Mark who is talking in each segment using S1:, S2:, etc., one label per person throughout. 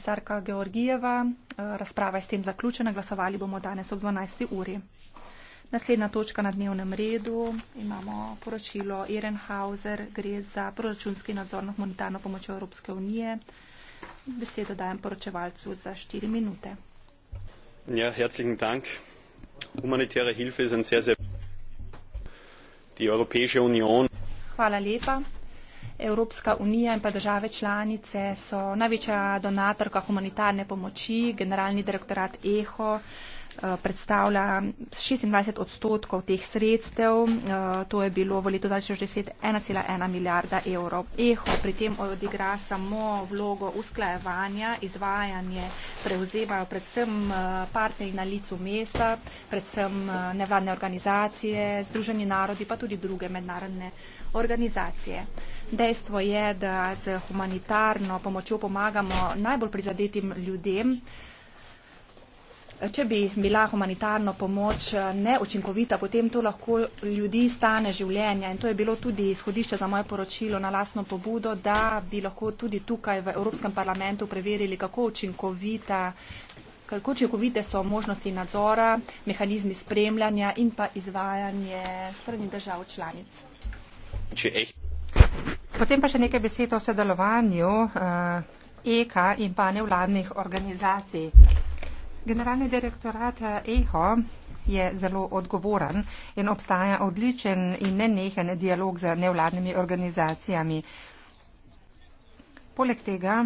S1: komisarka Georgijeva. Eh, razprava je s tem zaključena. Glasovali bomo danes ob 12. uri. Naslednja točka na dnevnem redu imamo poročilo Ehrenhauser, gre za proračunski nadzor na humanitarno pomoč Evropske unije. Besedo dajem poročevalcu za 4 minute. Ja, herzlichen Dank. Humanitäre Hilfe ist ein sehr, sehr. Die Europäische Union. Hvala lepa. Evropska unija in pa države članice so največja donatorka humanitarne pomoči, generalni direktorat EHO eh, predstavlja 26 odstotkov teh sredstev, eh, to je bilo v letu 2010 1,1 milijarda evrov. EHO pri tem odigra samo vlogo usklajevanja, izvajanje, prevzemajo predvsem eh, partnerji na licu mesta, predvsem nevladne organizacije, Združeni narodi, pa tudi druge mednarodne organizacije. Dejstvo je, da z humanitarno pomočjo pomagamo najbolj prizadetim ljudem. Če bi bila humanitarna pomoč eh, neučinkovita, potem to lahko ljudi stane življenja. In to je bilo tudi izhodišče za moje poročilo na lasno pobudo, da bi lahko tudi tukaj v Evropskem parlamentu preverili, kako učinkovita. Kako učinkovite so možnosti nadzora, mehanizmi
S2: spremljanja in pa izvajanje strani držav članic? Če ehti. Potem pa še nekaj besed o sodelovanju uh, eh, EKA in pa nevladnih organizacij. Generalni direktorat EHO e je zelo odgovoren in obstaja odličen in nenehen dialog z nevladnimi organizacijami. Poleg tega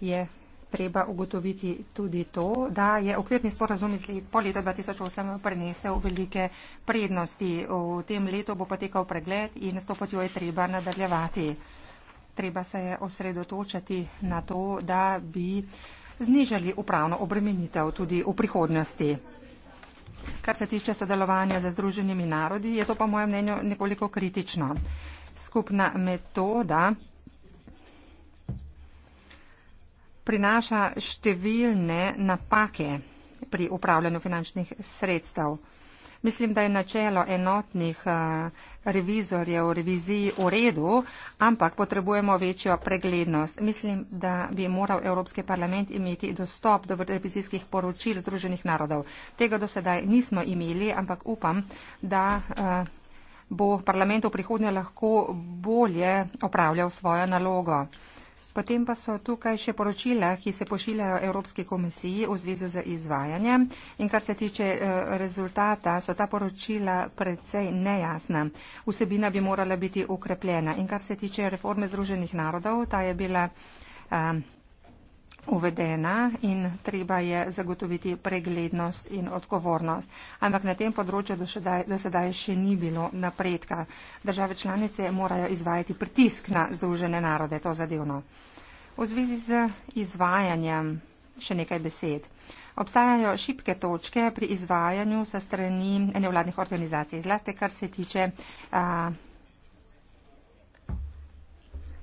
S2: je treba ugotoviti tudi to, da je okvirni sporazum iz po leta 2008 prenesel velike prednosti. V tem letu bo potekal pregled in s to potjo je treba nadaljevati. Treba se je osredotočati na to, da bi znižali upravno obremenitev tudi v prihodnosti. Kar se tiče sodelovanja za združenimi narodi, je to po mojem mnenju nekoliko kritično. Skupna metoda prinaša številne napake pri upravljanju finančnih sredstev. Mislim, da je načelo enotnih eh, revizorjev reviziji v redu, ampak potrebujemo večjo preglednost. Mislim, da bi moral Evropski parlament imeti dostop do revizijskih poročil Združenih narodov. Tega do sedaj nismo imeli, ampak upam, da eh, bo parlament v prihodnje lahko bolje opravljal svojo nalogo. Potem pa so tukaj še poročila, ki se pošiljajo Evropski komisiji v zvezi z izvajanjem. In kar se tiče eh, rezultata, so ta poročila predvsej nejasna. Vsebina bi morala biti ukrepljena. In kar se tiče reforme Združenih narodov, ta je bila. Um, uvedena in treba je zagotoviti preglednost in odgovornost. Ampak na tem področju do sedaj, do sedaj še ni bilo napredka. Države članice morajo izvajati pritisk na Združene narode, to zadevno. V zvezi z izvajanjem še nekaj besed. Obstajajo šipke točke pri izvajanju sa strani nevladnih organizacij, zlasti kar se tiče a,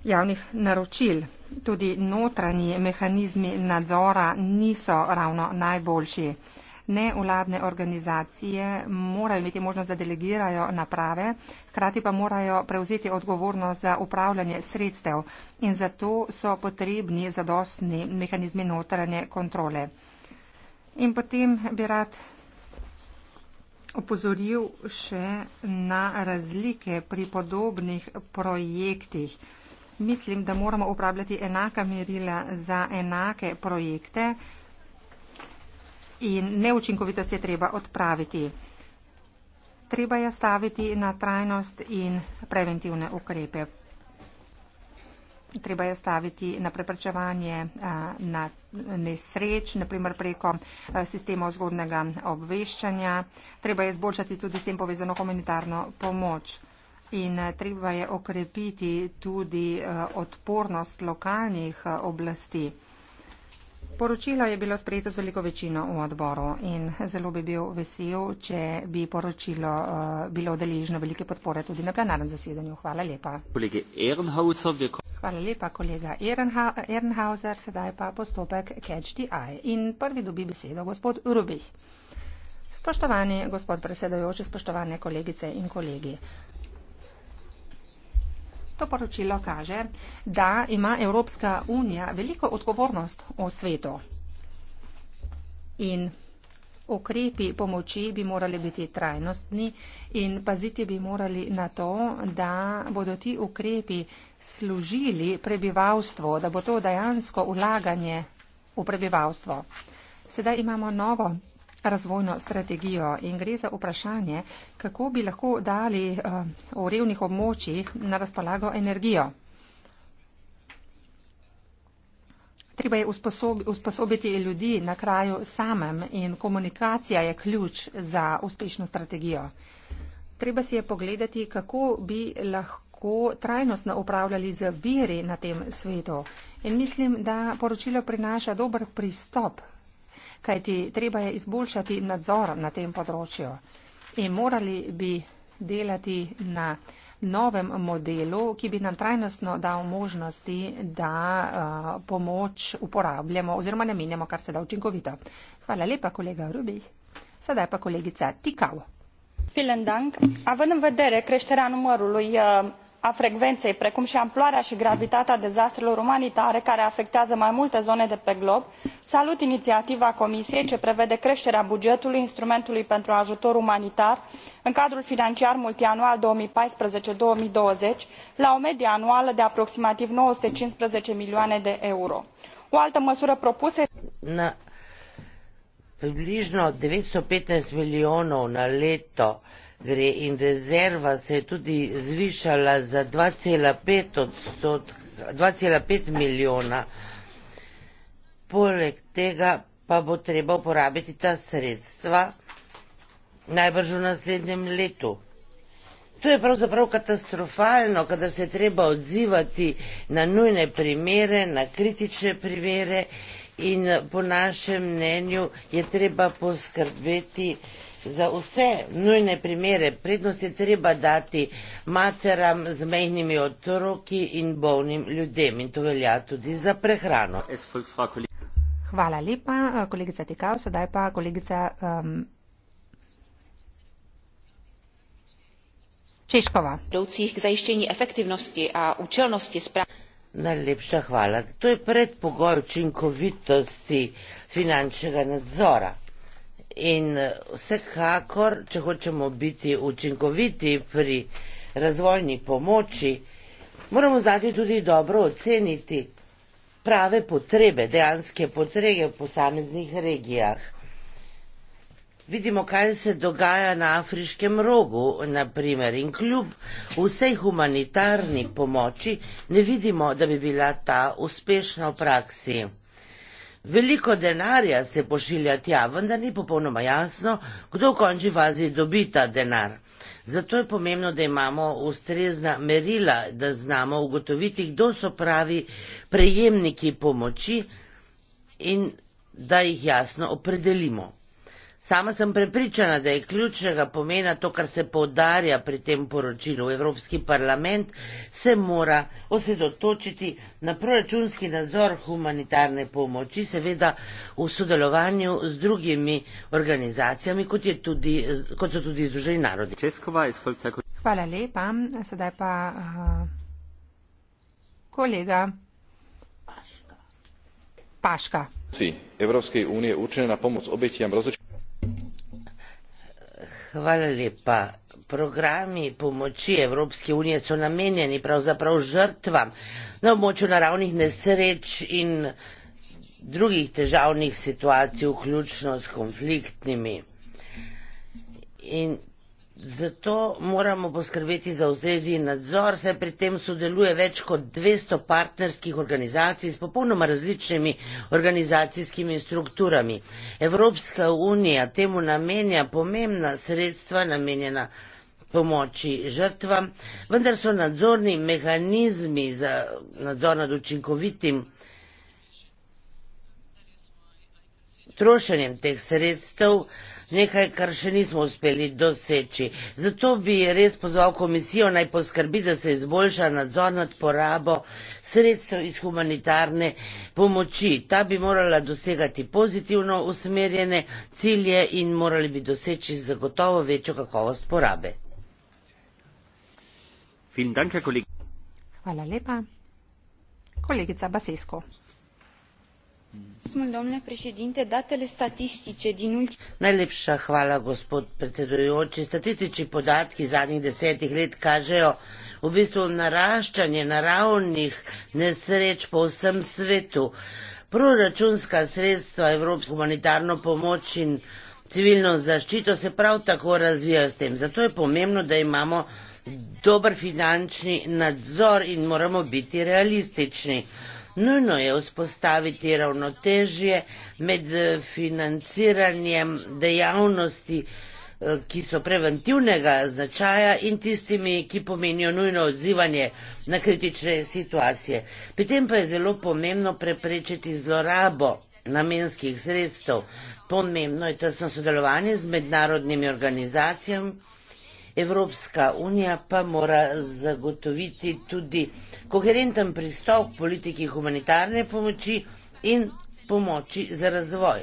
S2: javnih naročil tudi notranji mehanizmi nadzora niso ravno najboljši. Neuladne organizacije morajo imeti možnost, da delegirajo naprave, hkrati pa morajo prevzeti odgovornost za upravljanje sredstev in zato so potrebni zadostni mehanizmi notranje kontrole. In potem bi rad opozoril še na razlike pri podobnih projektih. Mislim, da moramo uporabljati enaka merila za enake projekte in neučinkovitost je treba odpraviti. Treba je staviti na trajnost in preventivne ukrepe. Treba je staviti na preprečevanje na nesreč, naprimer preko sistema vzgodnega obveščanja. Treba je zboljšati tudi s tem povezano humanitarno pomoč. In eh, treba je okrepiti tudi eh, odpornost lokalnih eh, oblasti. Poročilo je bilo sprejeto z veliko večino v odboru in zelo bi bil vesel, če bi poročilo uh, bilo deležno velike podpore tudi na plenarnem zasedanju. Hvala lepa. Hvala lepa, kolega Ehrenhauser. Sedaj pa postopek Catch the Eye. In prvi dobi besedo gospod Rubih. Spoštovani gospod predsedojoči, spoštovane kolegice in kolegi to poročilo kaže, da ima Evropska unija veliko odgovornost v svetu in ukrepi pomoči bi morali biti trajnostni in paziti bi morali na to, da bodo ti ukrepi služili prebivalstvo, da bo to dejansko ulaganje v prebivalstvo. Sedaj imamo novo razvojno strategijo in gre za vprašanje, kako bi lahko dali eh, v revnih območjih na razpolago energijo. Treba je usposobiti ljudi na kraju samem in komunikacija je ključ za uspešno strategijo. Treba si je pogledati, kako bi lahko trajnostno upravljali z viri na tem svetu. In mislim, da poročilo prinaša dober pristop kajti treba je izboljšati nadzor na tem področju. In morali bi delati na novem modelu, ki bi nam trajnostno dal možnosti, da uh, pomoč uporabljamo oziroma namenjamo, kar se da učinkovito. Hvala lepa, kolega Rubi. Sedaj pa kolegica Tikao.
S1: Filen dank.
S2: A vnem vedere, krešteran umorul je
S1: eh, a frecvenei precum i amploarea i gravitatea dezastrelor umanitare care afectează mai multe zone de pe glob salut iniiativa comisiei ce prevede creterea bugetului instrumentului pentru ajutor umanitar în cadrul financiar multianual două mii paisprezece două mii douăzeci la o medie anuală de aproximativ nouă sute cincisprezece milioane de euro.
S3: o altă măsură propusă este približno devetsto petnajst milijonov na leto gre in rezerva se je tudi zvišala za 2,5 odstotka, 2,5 milijona. Poleg tega pa bo treba uporabiti ta sredstva najbrž v naslednjem letu. To je pravzaprav katastrofalno, kada se treba odzivati na nujne primere, na kritične primere in po našem mnenju je treba poskrbeti, za vse nujne primere prednost je treba dati materam z mehnimi otroki in bolnim ljudem in to velja tudi za prehrano.
S2: Hvala lepa, eh, kolegica Tikao, sedaj pa kolegica um, Češkova.
S3: Najlepša hvala. To je predpogoj učinkovitosti finančnega nadzora. In eh, vsekakor, če hočemo biti učinkoviti pri razvojni pomoči, moramo znati tudi dobro oceniti prave potrebe, dejanske potrebe v posameznih regijah. Vidimo, kaj se dogaja na afriškem rogu, naprimer, in kljub vsej humanitarni pomoči ne vidimo, da bi bila ta uspešna v praksi. Veliko denarja se pošilja tja, vendar ni popolnoma jasno, kdo v končni fazi dobi ta denar. Zato je pomembno, da imamo ustrezna merila, da znamo ugotoviti, kdo so pravi prejemniki pomoči in da jih jasno opredelimo. Sama sem prepričana, da je ključnega pomena to, kar se poudarja pri tem poročilu. Evropski parlament se mora osredotočiti na proračunski nadzor humanitarne pomoči, seveda v sodelovanju z drugimi organizacijami, kot, tudi, kot so tudi Združeni narodi.
S2: Hvala lepa. Sedaj pa uh, kolega Paška.
S3: Paška.
S1: Evropske unije učene na pomoč obetjam različnih.
S3: Hvala lepa. Programi pomoči Evropske unije so namenjeni pravzaprav žrtvam na območju naravnih nesreč in drugih težavnih situacij, vključno s konfliktnimi. In Zato moramo poskrbeti za ustrezni nadzor, saj pri tem sodeluje več kot 200 partnerskih organizacij s popolnoma različnimi organizacijskimi strukturami. Evropska unija temu namenja pomembna sredstva, namenjena pomoči žrtvam, vendar so nadzorni mehanizmi za nadzor nad učinkovitim trošenjem teh sredstev nekaj, kar še nismo uspeli doseči. Zato bi res pozval komisijo naj poskrbi, da se izboljša nadzor nad porabo sredstev iz humanitarne pomoči. Ta bi morala dosegati pozitivno usmerjene cilje in morali bi doseči zagotovo večjo kakovost porabe. Hvala
S2: lepa. Kolegica Basesko.
S3: Najlepša hvala, gospod predsedujoči. Statistični podatki zadnjih desetih let kažejo v bistvu naraščanje naravnih nesreč po vsem svetu. Proračunska sredstva, evropsko humanitarno pomoč in civilno zaščito se prav tako razvijajo s tem. Zato je pomembno, da imamo dober finančni nadzor in moramo biti realistični. Nujno je vzpostaviti ravnotežje med eh, financiranjem dejavnosti, eh, ki so preventivnega značaja in tistimi, ki pomenijo nujno odzivanje na kritične situacije. Pri tem pa je zelo pomembno preprečiti zlorabo namenskih sredstev. Pomembno je tesno sodelovanje z mednarodnimi organizacijami, Evropska unija pa mora zagotoviti tudi koherenten pristop politiki humanitarne pomoči in pomoči za razvoj.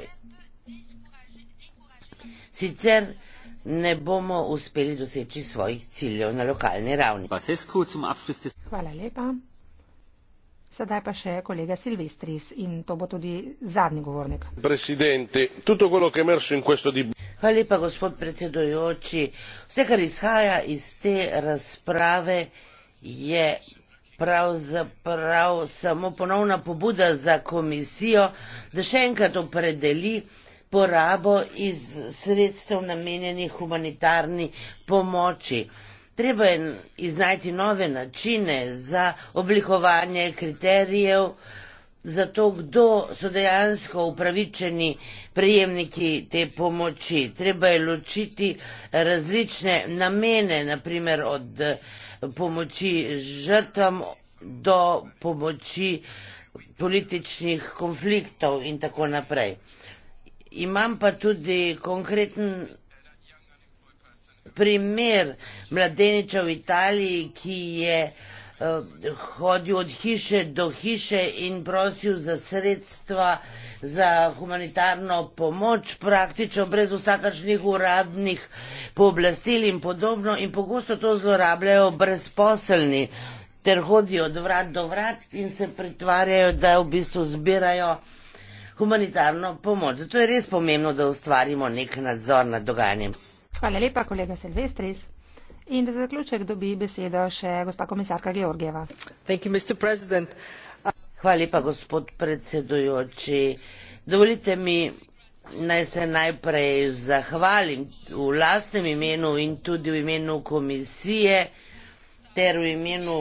S3: Sicer ne bomo uspeli doseči svojih ciljev na lokalni ravni. Hvala
S2: lepa. Sedaj pa še kolega Silvestris in to
S3: bo tudi zadnji govornik. Hvala lepa, gospod predsedojoči. Vse, kar izhaja iz te razprave, je pravzaprav samo ponovna pobuda za komisijo, da še enkrat opredeli porabo iz sredstev namenjenih humanitarni pomoči treba je iznajti nove načine za oblikovanje kriterijev za to, kdo so dejansko upravičeni prejemniki te pomoči. Treba je ločiti različne namene, naprimer od eh, pomoči žrtvam do pomoči političnih konfliktov in tako naprej. Imam pa tudi konkreten primer mladeniča v Italiji, ki je uh, hodil od hiše do hiše in prosil za sredstva za humanitarno pomoč, praktično brez vsakašnih uradnih pooblastil in podobno in pogosto to zlorabljajo brezposelni ter hodijo od vrat do vrat in se pritvarjajo, da v bistvu zbirajo humanitarno pomoč. Zato je res pomembno, da ustvarimo nek nadzor nad dogajanjem.
S2: Hvala lepa, kolega Silvestris. In za zaključek dobi besedo še gospa komisarka Georgieva.
S3: Hvala lepa, gospod predsedujoči. Dovolite mi, naj se najprej zahvalim v lastnem imenu in tudi v imenu komisije ter v imenu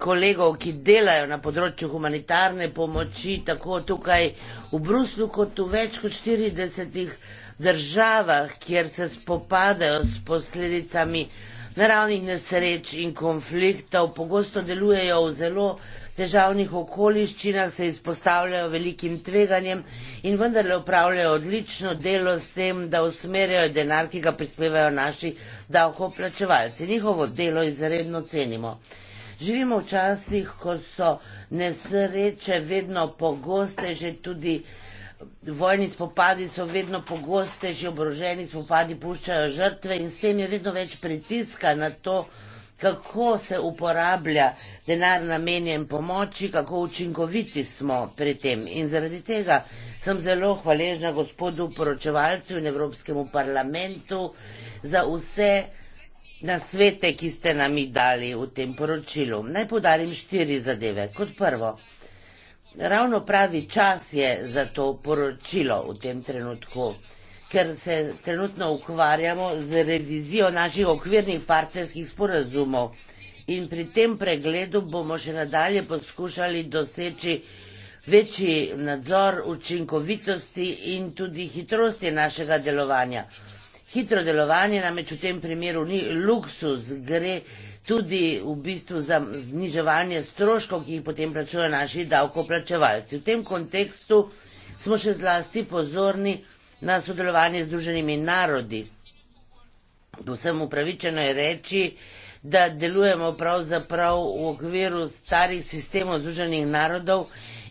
S3: kolegov, ki delajo na področju humanitarne pomoči, tako tukaj v Bruslu kot v več kot 40 državah, kjer se spopadajo s posledicami naravnih nesreč in konfliktov, pogosto delujejo v zelo težavnih okoliščinah, se izpostavljajo velikim tveganjem in vendarle upravljajo odlično delo s tem, da usmerjajo denar, ki ga prispevajo naši davkoplačevalci. Njihovo delo izredno cenimo. Živimo v časih, ko so nesreče vedno pogostejše tudi vojni spopadi so vedno pogostejši, oboroženi spopadi puščajo žrtve in s tem je vedno več pritiska na to, kako se uporablja denar namenjen pomoči, kako učinkoviti smo pri tem. In zaradi tega sem zelo hvaležna gospodu poročevalcu in Evropskemu parlamentu za vse nasvete, ki ste nam jih dali v tem poročilu. Naj podarim štiri zadeve. Kot prvo, Ravno pravi čas je za to poročilo v tem trenutku, ker se trenutno ukvarjamo z revizijo naših okvirnih partnerskih sporazumov in pri tem pregledu bomo še nadalje poskušali doseči večji nadzor učinkovitosti in tudi hitrosti našega delovanja. Hitro delovanje namreč v tem primeru ni luksus, gre za tudi v bistvu za zniževanje stroškov, ki jih potem plačujo naši davkoplačevalci. V tem kontekstu smo še zlasti pozorni na sodelovanje z druženimi narodi. Povsem upravičeno je reči, da delujemo pravzaprav v okviru starih sistemov združenih narodov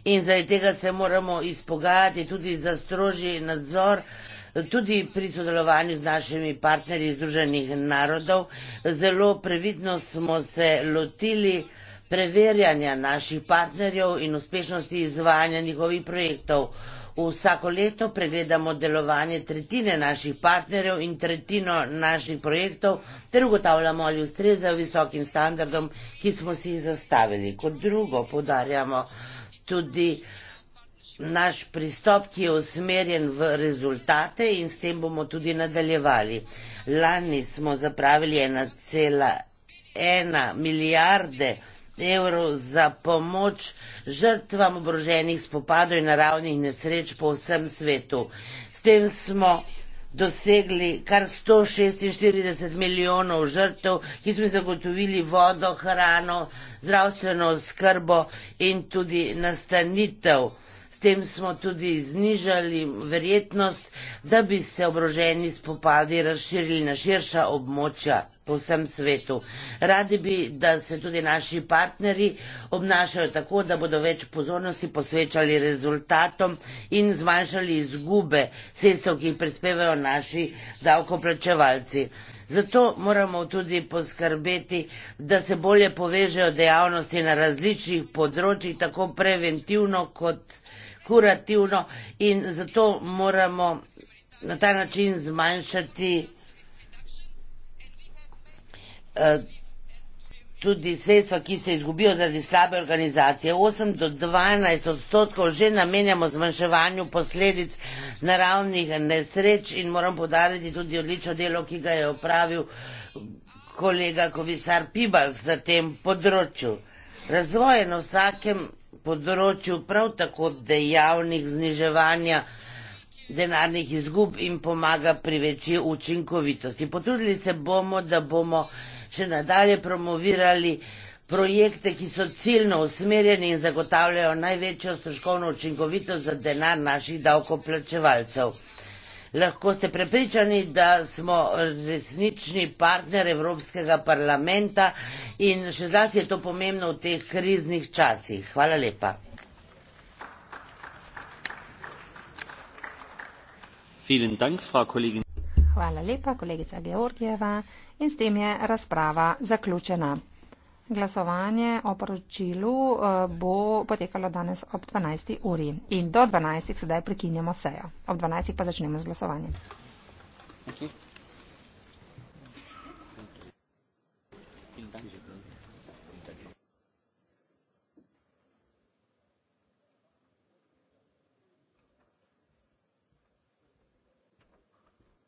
S3: in zaradi tega se moramo izpogajati tudi za strožji nadzor, tudi pri sodelovanju z našimi partnerji iz Združenih narodov, zelo previdno smo se lotili preverjanja naših partnerjev in uspešnosti izvajanja njihovih projektov. Vsako leto pregledamo delovanje tretjine naših partnerjev in tretjino naših projektov ter ugotavljamo, ali ustrezajo visokim standardom, ki smo si jih zastavili. Kot drugo, podarjamo tudi Naš pristop, ki je usmerjen v rezultate in s tem bomo tudi nadaljevali. Lani smo zapravili 1,1 milijarde evrov za pomoč žrtvam oboroženih spopadov in naravnih nesreč po vsem svetu. S tem smo dosegli kar 146 milijonov žrtev, ki smo zagotovili vodo, hrano, zdravstveno skrbo in tudi nastanitev tem smo tudi znižali verjetnost, da bi se obroženi spopadi razširili na širša območja po vsem svetu. Radi bi, da se tudi naši partneri obnašajo tako, da bodo več pozornosti posvečali rezultatom in zmanjšali izgube sredstev, ki jih prispevajo naši davkoplačevalci. Zato moramo tudi poskrbeti, da se bolje povežejo dejavnosti na različnih področjih, tako preventivno kot kurativno in zato moramo na ta način zmanjšati uh, tudi sredstva, ki se izgubijo zaradi slabe organizacije. 8 do 12 odstotkov že namenjamo zmanjševanju posledic naravnih nesreč in moram podariti tudi odlično delo, ki ga je opravil kolega komisar Pibals na tem področju. Razvoj je na vsakem področju prav tako dejavnih zniževanja denarnih izgub in pomaga pri večji učinkovitosti. Potrudili se bomo, da bomo še nadalje promovirali projekte, ki so ciljno usmerjeni in zagotavljajo največjo stroškovno učinkovitost za denar naših davkoplačevalcev. Lahko ste prepričani, da smo resnični partner Evropskega parlamenta in še zlasti je to pomembno v teh kriznih časih. Hvala lepa. Hvala
S2: lepa, kolegica Georgijeva. In s tem je razprava zaključena. Glasovanje o poročilu eh, bo potekalo danes ob 12. uri. In do 12. sedaj prekinjamo sejo. Ob 12. pa začnemo z glasovanjem.
S3: Okay.